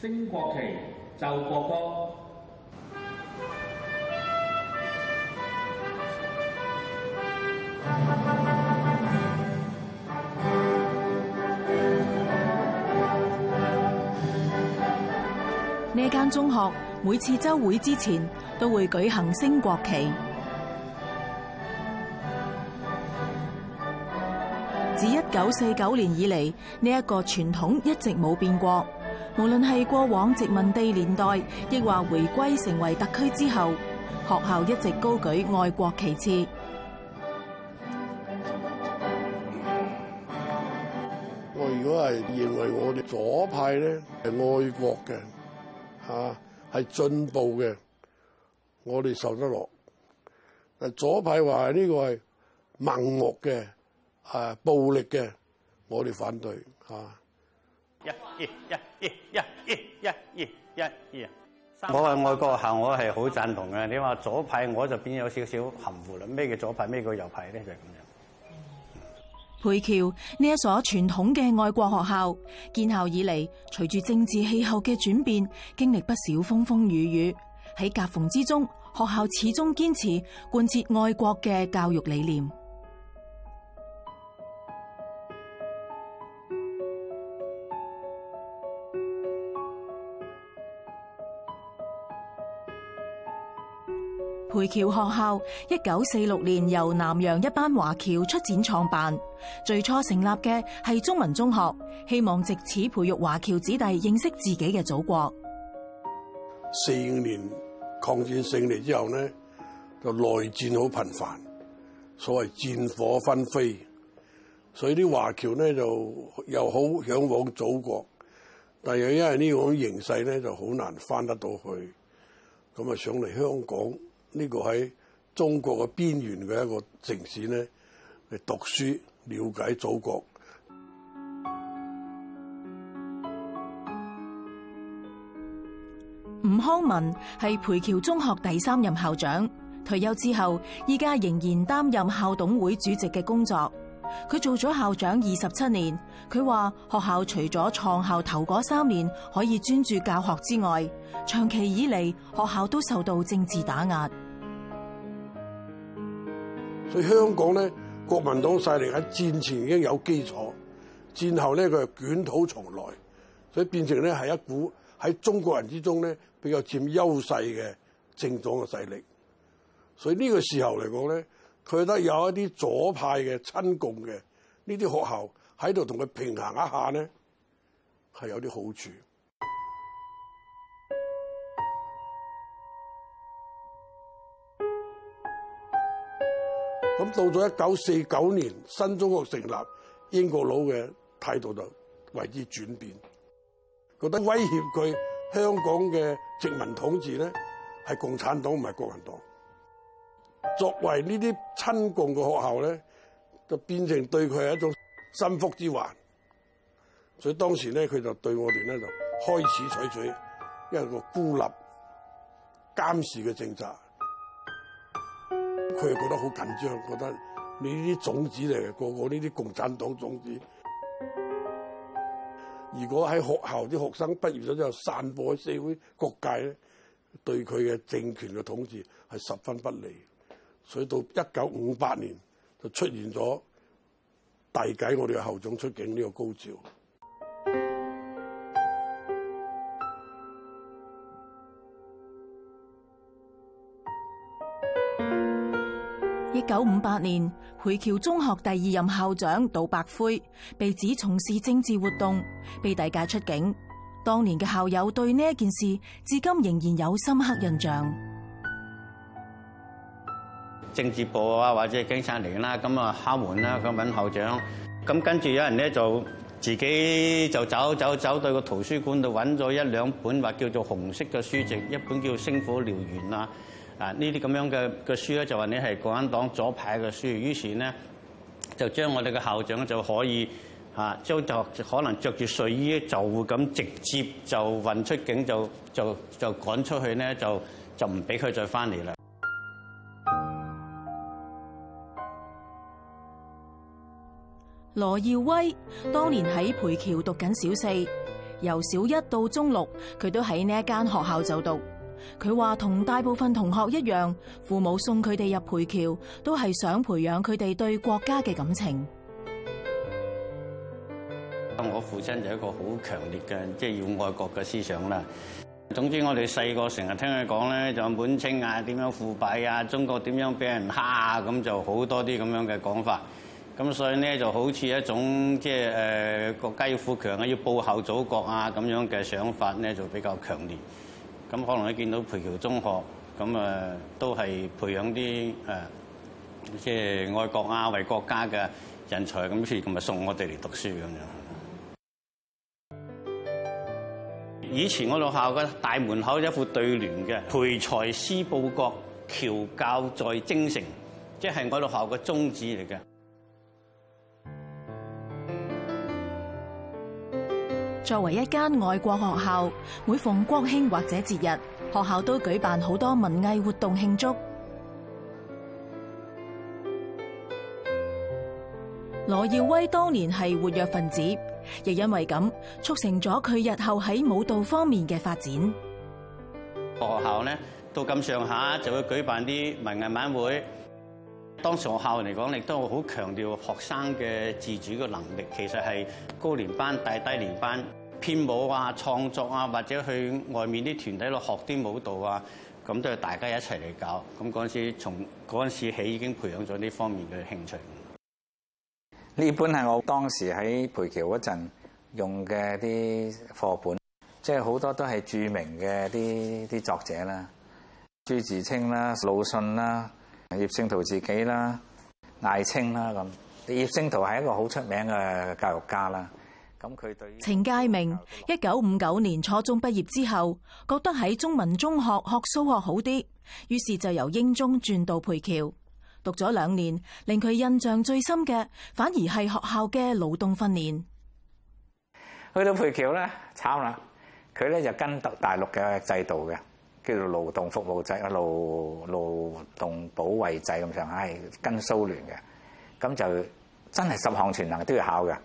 升國旗，奏國歌。呢間中學每次週會之前都會舉行升國旗。自一九四九年以嚟，呢一個傳統一直冇變過。無論係過往殖民地年代，亦話回歸成為特區之後學校一直高舉愛國旗幟。我如果係認為我哋左派咧，係愛國嘅，啊係進步嘅，我哋受得落。但左派話呢個係盲目嘅，啊暴力嘅，我哋反對啊。一、二、一、一、一、一、一、二、一、二。我係愛國學校，我係好贊同嘅。你話左，左派，我就變有少少含糊啦。咩叫左派，咩叫右派咧？就係咁樣。培僑呢一所傳統嘅愛國學校，建校以嚟，隨住政治氣候嘅轉變，經歷不少風風雨雨。喺夾縫之中，學校始終堅持貫徹愛國嘅教育理念。培僑學校一九四六年由南洋一班華僑出展創辦，最初成立嘅係中文中學，希望借此培育華僑子弟認識自己嘅祖國。四五年抗戰勝利之後呢，就內戰好頻繁，所謂戰火紛飛，所以啲華僑呢就又好向往祖國，但係因為呢種形勢呢，就好難翻得到去，咁啊上嚟香港。呢個喺中國嘅邊緣嘅一個城市咧，嚟讀書了解祖國。吳康民係培僑中學第三任校長，退休之後，依家仍然擔任校董會主席嘅工作。佢做咗校長二十七年，佢話學校除咗創校頭嗰三年可以專注教學之外，長期以嚟學校都受到政治打壓。所以香港咧，國民黨勢力喺戰前已經有基礎，戰後咧佢係捲土重來，所以變成咧係一股喺中國人之中咧比較佔優勢嘅政黨嘅勢力。所以呢個時候嚟講咧。佢覺得有一啲左派嘅親共嘅呢啲學校喺度同佢平衡一下咧，係有啲好處那了。咁到咗一九四九年新中國成立，英國佬嘅態度就為之轉變，覺得威脅佢香港嘅殖民統治咧係共產黨唔係國民黨。作為呢啲親共嘅學校咧，就變成對佢係一種心腹之患。所以當時咧，佢就對我哋咧就開始採取一個孤立監視嘅政策。佢就覺得好緊張，覺得你呢啲種子嚟嘅，個個呢啲共產黨種子，如果喺學校啲學生畢業咗之後散播喺社會各界咧，對佢嘅政權嘅統治係十分不利。所以到一九五八年就出現咗遞解我哋嘅校長出境呢個高潮。一九五八年，培僑中學第二任校長杜伯奎被指從事政治活動，被遞解出境。當年嘅校友對呢一件事，至今仍然有深刻印象。政治部啊，或者警察嚟啦，咁啊敲門啦，咁揾校長，咁跟住有人咧就自己就走走走到個圖書館度揾咗一兩本話叫做紅色嘅書籍，嗯、一本叫《星火燎原》啊，啊呢啲咁樣嘅嘅書咧就話你係共產黨左派嘅書，於是咧就將我哋嘅校長就可以吓將、啊、就、就可能着住睡衣就咁直接就運出境就就就趕出去咧就就唔俾佢再翻嚟啦。.羅耀威當年喺培僑讀緊小四，由小一到中六，佢都喺呢一間學校就讀。佢話同大部分同學一樣，父母送佢哋入培僑，都係想培養佢哋對國家嘅感情。我父親就係一個好強烈嘅，即係要愛國嘅思想啦。總之，我哋細個成日聽佢講咧，就滿清啊，點樣腐敗啊，中國點樣俾人蝦啊，咁就好多啲咁樣嘅講法。咁所以咧就好似一種即係誒、呃、國家要富強啊，要報效祖國啊咁樣嘅想法咧，就比較強烈。咁可能你見到培僑中學咁啊，都係培養啲誒即係愛國啊、為國家嘅人才咁，所以佢啊送我哋嚟讀書咁樣。 以前我哋學校嘅大門口一副對聯嘅培才思報國，僑教在精誠，即係我哋學校嘅宗旨嚟嘅。作為一間外國學校，每逢國慶或者節日，學校都舉辦好多文藝活動慶祝。羅耀威當年係活躍分子，亦因為咁促成咗佢日後喺舞蹈方面嘅發展。學校呢，到咁上下就會舉辦啲文藝晚會。當時學校嚟講，亦都好強調學生嘅自主嘅能力。其實係高年班帶低年班。編舞啊、創作啊，或者去外面啲團體度學啲舞蹈啊，咁都係大家一齊嚟搞。咁嗰陣時從，從嗰陣時起已經培養咗呢方面嘅興趣。呢本係我當時喺培僑嗰陣用嘅啲課本，即係好多都係著名嘅啲啲作者啦，朱自清啦、魯迅啦、葉聖陶自己啦、艾青啦咁。葉聖陶係一個好出名嘅教育家啦。咁，佢對程介明一九五九年初中畢業之後，覺得喺中文中學學數學好啲，於是就由英中轉到培僑讀咗兩年，令佢印象最深嘅反而係學校嘅勞動訓練。去到培僑咧，慘啦！佢咧就跟大陸嘅制度嘅，叫做勞動服務制、勞、勞動保衛制咁上下，跟蘇聯嘅，咁就真係十項全能都要考嘅。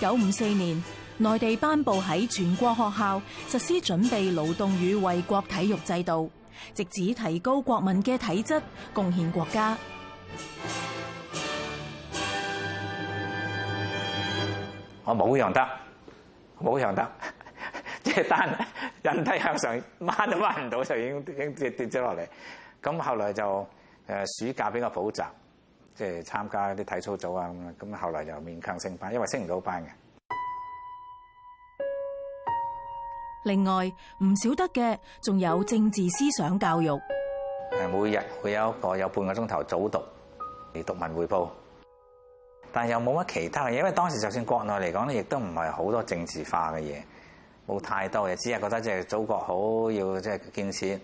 九五四年，內地頒布喺全國學校實施準備勞動與衛國體育制度，直指提高國民嘅體質，貢獻國家。我冇樣得，冇樣得，即係單人體向上，掹都掹唔到，就已經跌跌咗落嚟。咁後來就誒暑假俾我補習。即係參加啲體操組，啊咁咁後來又勉強升班，因為升唔到班嘅。另外，唔少得嘅仲有政治思想教育。誒，每日會有一個有半個鐘頭早讀嚟讀文匯報，但又冇乜其他嘅嘢，因為當時就算國內嚟講咧，亦都唔係好多政治化嘅嘢，冇太多嘅，只係覺得即係祖國好，要即係建設。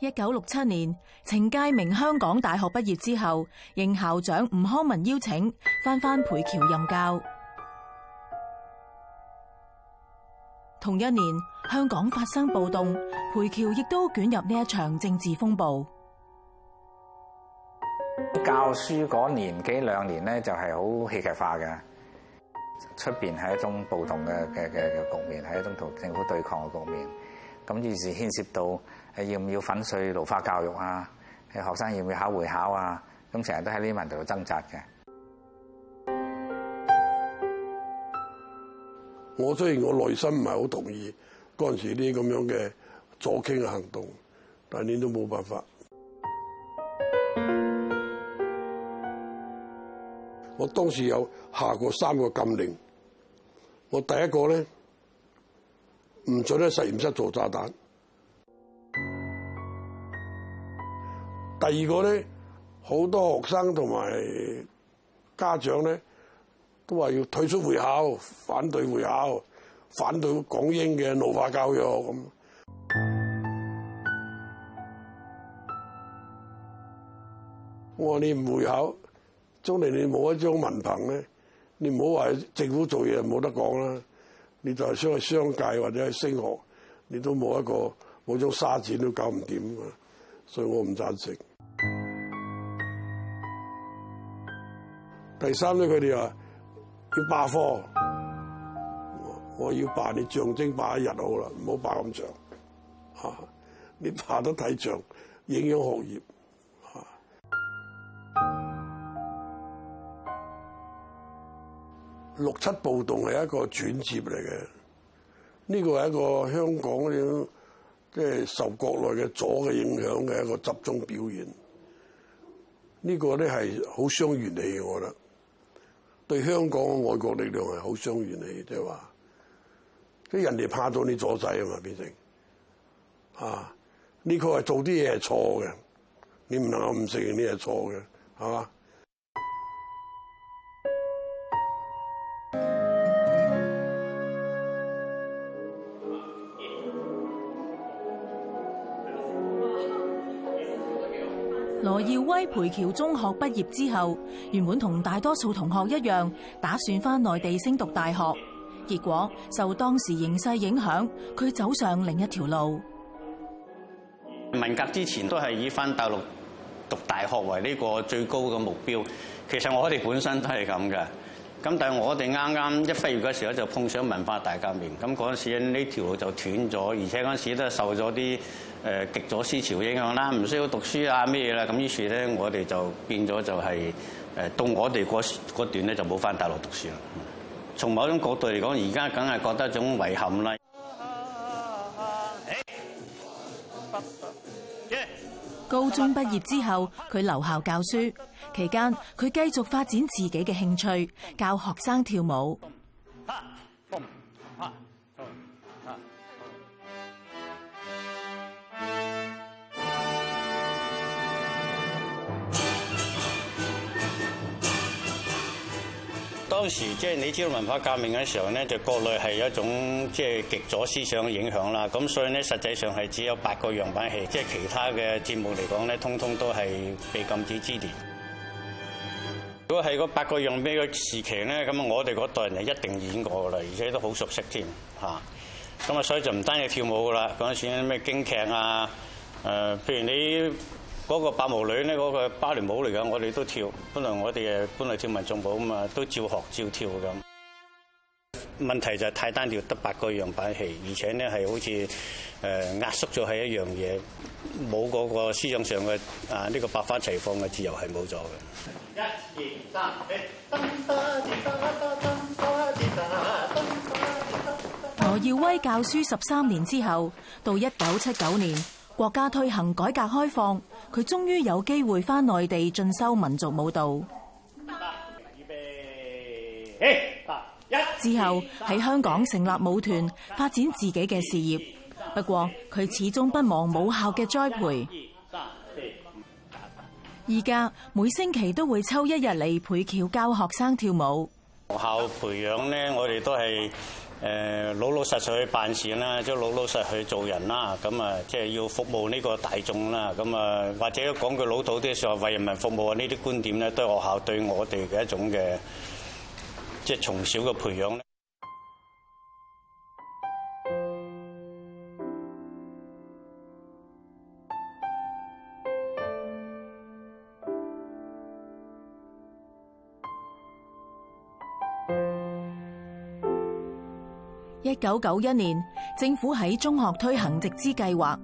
一九六七年，程介明香港大學畢業之後，應校長吳康民邀請，翻返培橋任教。同一年，香港發生暴動，培橋亦都捲入呢一場政治風暴。教書嗰年幾兩年呢，就係好戲劇化嘅。出邊係一種暴動嘅嘅嘅嘅局面，係一種同政府對抗嘅局面。咁於是牽涉到。要唔要粉碎奴化教育啊？係學生要唔要考會考啊？咁成日都喺呢啲問題度掙扎嘅。我雖然我內心唔係好同意嗰陣時啲咁樣嘅左傾嘅行動，但係你都冇辦法。我當時有下過三個禁令。我第一個咧，唔準喺實驗室做炸彈。第二個咧，好多學生同埋家長咧，都話要退出會考，反對會考，反對港英嘅奴化教育咁。我話你唔會考，將嚟你冇一張文憑咧，你唔好話政府做嘢冇得講啦。你就算去商界或者係升學，你都冇一個冇張沙紙都搞唔掂啊！所以我唔贊成。第三咧，佢哋話要罷課，我要罷你象徵罷一日好啦，唔好罷咁長。吓、啊，你罷得太長，影響學業。吓、啊，六七暴動係一個轉折嚟嘅，呢個係一個香港，即係受國內嘅左嘅影響嘅一個集中表現。呢個咧係好傷元氣，我覺得對香港外國力量係好傷元氣。即係話，即係人哋怕到你阻仔啊嘛，變成啊呢個係做啲嘢係錯嘅，你唔能夠唔承認呢係錯嘅，係嘛？羅耀威培僑中學畢業之後，原本同大多數同學一樣，打算翻內地升讀大學，結果受當時形勢影響，佢走上另一條路。文革之前都係以翻大陸讀大學為呢個最高嘅目標，其實我哋本身都係咁嘅。咁但係我哋啱啱一畢業嘅時候就碰上文化大革命，咁嗰陣時呢條路就斷咗，而且嗰陣時都係受咗啲。誒極咗思潮影響啦，唔需要讀書啊咩啦，咁於是咧，我哋就變咗就係誒到我哋嗰段咧就冇翻大陸讀書啦。從某種角度嚟講，而家梗係覺得一種遺憾啦。高中畢業之後，佢留校教書，期間佢繼續發展自己嘅興趣，教學生跳舞。當時即係你知道文化革命嘅時候咧，就國內係一種即係極左思想嘅影響啦。咁所以咧，實際上係只有八個樣板戲，即係其他嘅節目嚟講咧，通通都係被禁止之列。如果係嗰八個樣板嘅時期咧，咁我哋嗰代人係一定演過啦，而且都好熟悉添嚇。咁啊，所以就唔單止跳舞噶啦，嗰陣時咩京劇啊，誒、呃，譬如你。嗰個白毛女呢，嗰、那個芭蕾舞嚟㗎，我哋都跳。本來我哋誒本來跳民族舞咁嘛，都照學照跳咁。問題就係太單調，得八個樣板戲，而且呢係好似誒、呃、壓縮咗係一樣嘢，冇嗰個思想上嘅啊呢、這個百花齊放嘅自由係冇咗嘅。一二三，羅耀威教書十三年之後，到一九七九年。國家推行改革開放，佢終於有機會返內地進修民族舞蹈。之後喺香港成立舞團，發展自己嘅事業。不過佢始終不忘母校嘅栽培。而家每星期都會抽一日嚟培僑教學生跳舞。學校培養呢，我哋都係。誒老老實實去辦事啦，即係老老實實去做人啦，咁啊，即係要服務呢個大眾啦，咁啊，或者講句老土啲嘅話，為人民服務啊，呢啲觀點咧，都係學校對我哋嘅一種嘅，即係從小嘅培養咧。一九九一年，政府喺中學推行直資計劃，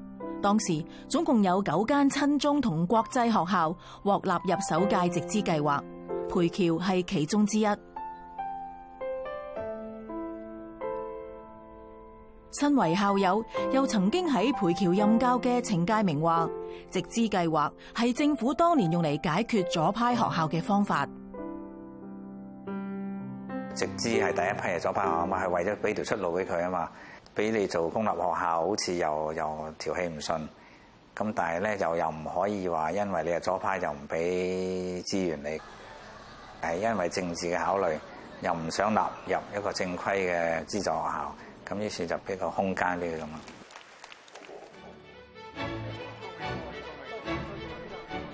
當時總共有九間親中同國際學校獲納入首屆直資計劃，培僑係其中之一。身為校友，又曾經喺培僑任教嘅程介明話，直資計劃係政府當年用嚟解決左派學校嘅方法。直資係第一批嘅左派學校嘛，係為咗俾條出路俾佢啊嘛，俾你做公立學校好似又又條氣唔順，咁但係咧就又唔可以話，因為你係左派就唔俾資源你，係因為政治嘅考慮，又唔想納入一個正規嘅資助學校，咁於是就俾個空間俾佢咁嘛。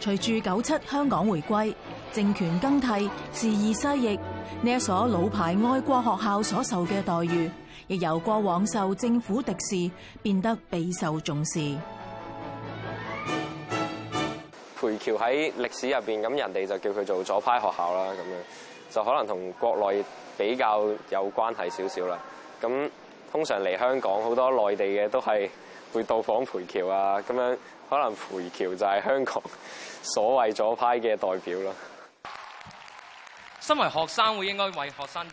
隨住九七香港回歸，政權更替，時移世易。呢一所老牌外國學校所受嘅待遇，亦由過往受政府敵視，變得備受重視。培僑喺歷史入邊，咁人哋就叫佢做左派學校啦。咁樣就可能同國內比較有關係少少啦。咁通常嚟香港好多內地嘅都係會到訪培僑啊。咁樣可能培僑就係香港所謂左派嘅代表啦。身為學生會應該為學生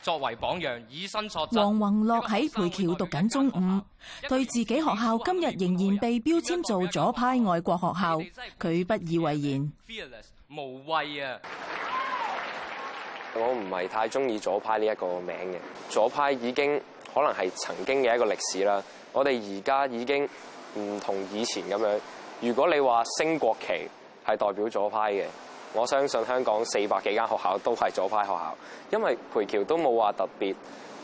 作為榜樣，以身作則。王宏樂喺培橋讀緊中五，對自己學校今日仍然被標籤做左派外國學校，佢不以為然。無畏啊！我唔係太中意左派呢一個名嘅，左派已經可能係曾經嘅一個歷史啦。我哋而家已經唔同以前咁樣。如果你話升國旗係代表左派嘅。我相信香港四百幾間學校都係左派學校，因為培僑都冇話特別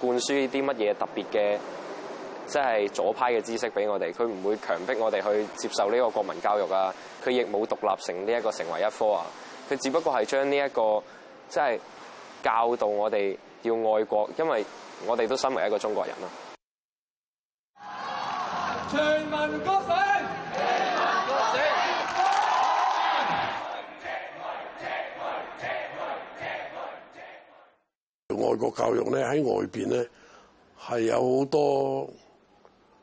灌輸啲乜嘢特別嘅，即係左派嘅知識俾我哋。佢唔會強迫我哋去接受呢個國民教育啊。佢亦冇獨立成呢一個成為一科啊。佢只不過係將呢一個即係教導我哋要愛國，因為我哋都身為一個中國人啦。全民外國教育咧，喺外邊咧，係有好多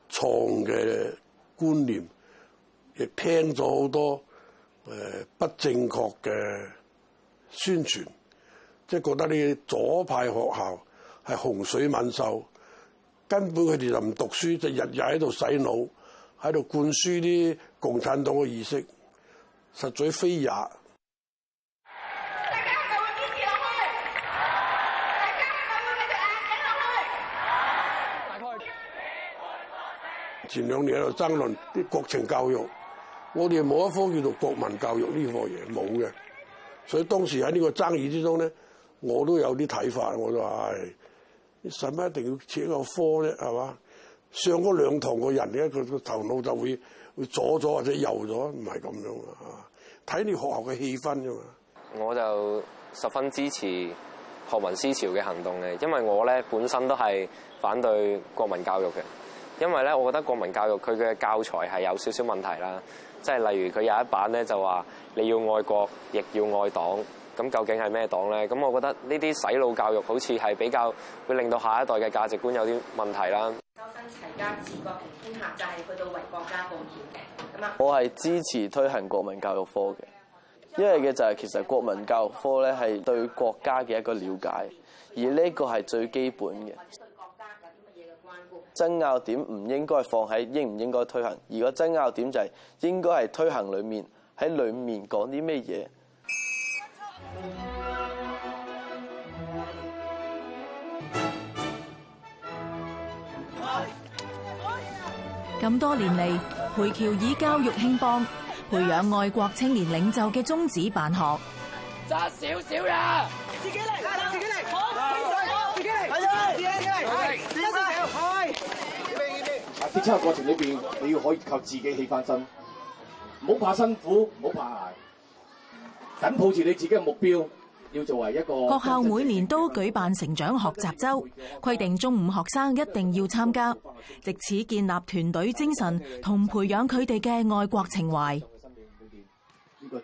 錯嘅觀念，亦聽咗好多誒不正確嘅宣傳，即係覺得你左派學校係洪水猛獸，根本佢哋就唔讀書，就日日喺度洗腦，喺度灌輸啲共產黨嘅意識，實在非也。前兩年喺度爭論啲國情教育，我哋冇一科叫做國民教育，呢科嘢冇嘅，所以當時喺呢個爭議之中咧，我都有啲睇法，我就話：唉，你使乜一定要設一個科咧？係嘛？上嗰兩堂嘅人咧，佢個頭腦就會會左咗或者右咗，唔係咁樣嘅。睇你學校嘅氣氛啫嘛。我就十分支持學民思潮嘅行動嘅，因為我咧本身都係反對國民教育嘅。因為咧，我覺得國民教育佢嘅教材係有少少問題啦，即係例如佢有一版咧就話你要愛國，亦要愛黨，咁究竟係咩黨咧？咁我覺得呢啲洗腦教育好似係比較會令到下一代嘅價值觀有啲問題啦。修身齊家治國平天下就係去到為國家貢獻嘅。咁啊，我係支持推行國民教育科嘅，因為嘅就係其實國民教育科咧係對國家嘅一個了解，而呢個係最基本嘅。爭拗點唔應該放喺應唔應該推行，而個爭拗點就係應該係推行裡面喺裡面講啲咩嘢。咁多年嚟，培僑以教育興邦、培養愛國青年領袖嘅宗旨辦學。揸少少呀，自己嚟，自己嚟，好，自己嚟，自己嚟，自己嚟。跌出過程裏邊，你要可以靠自己起翻身，唔好怕辛苦，唔好怕捱，緊抱住你自己嘅目標。要作為一個。學校每年都舉辦成長學習周，規定中五學生一定要參加，藉此建立團隊精神同培養佢哋嘅愛國情懷。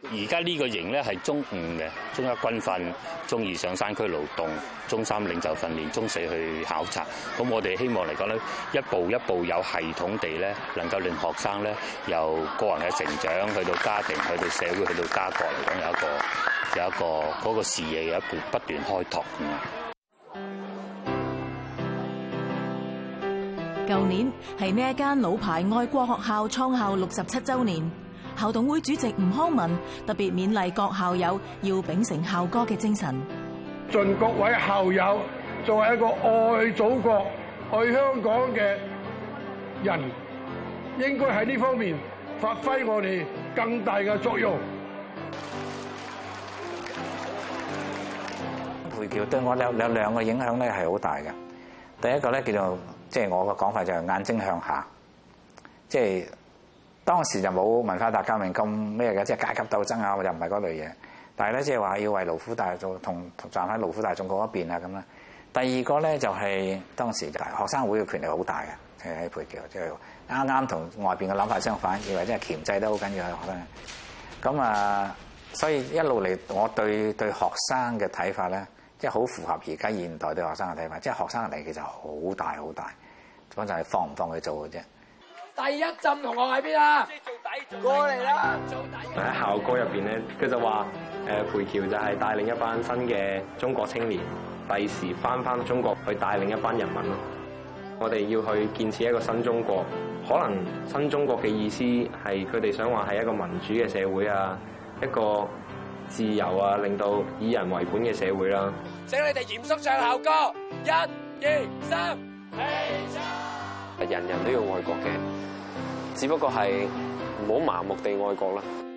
而家呢個營呢，係中五嘅，中一軍訓，中二上山區勞動，中三領袖訓練，中四去考察。咁我哋希望嚟講呢，一步一步有系統地呢，能夠令學生呢，由個人嘅成長，去到家庭，去到社會，去到家國嚟講，有一個有一個，嗰個視野有一個不斷開拓。舊年係呢一間老牌愛國學校創校六十七周年。校董會主席吳康民特別勉勵各校友要秉承校歌嘅精神。盡各位校友作為一個愛祖國、愛香港嘅人，應該喺呢方面發揮我哋更大嘅作用。培僑對我有有兩個影響咧，係好大嘅。第一個咧叫做，即係我嘅講法就係眼睛向下，即係。當時就冇文化大革命咁咩嘅，即係階級鬥爭啊，又唔係嗰類嘢。但係咧，即係話要為勞苦大眾，同站喺勞苦大眾嗰一邊啊咁啦。第二個咧就係、是、當時學生會嘅權力好大嘅，喺、就是、培僑即係啱啱同外邊嘅諗法相反，以為即係鉗制得好緊要啊！咁啊，所以一路嚟我對對學生嘅睇法咧，即係好符合而家現代對學生嘅睇法，即、就、係、是、學生嚟其實好大好大，咁就係放唔放佢做嘅啫。第一陣同學喺邊啊？做底做底過嚟啦！喺底校歌入邊咧，佢就話：誒，培僑就係帶領一班新嘅中國青年，第時返返中國去帶領一班人民咯。我哋要去建設一個新中國，可能新中國嘅意思係佢哋想話係一個民主嘅社會啊，一個自由啊，令到以人為本嘅社會啦。請你哋嚴肅唱校歌，一二三，起。人人都要愛國嘅，只不過係唔好盲目地愛國啦。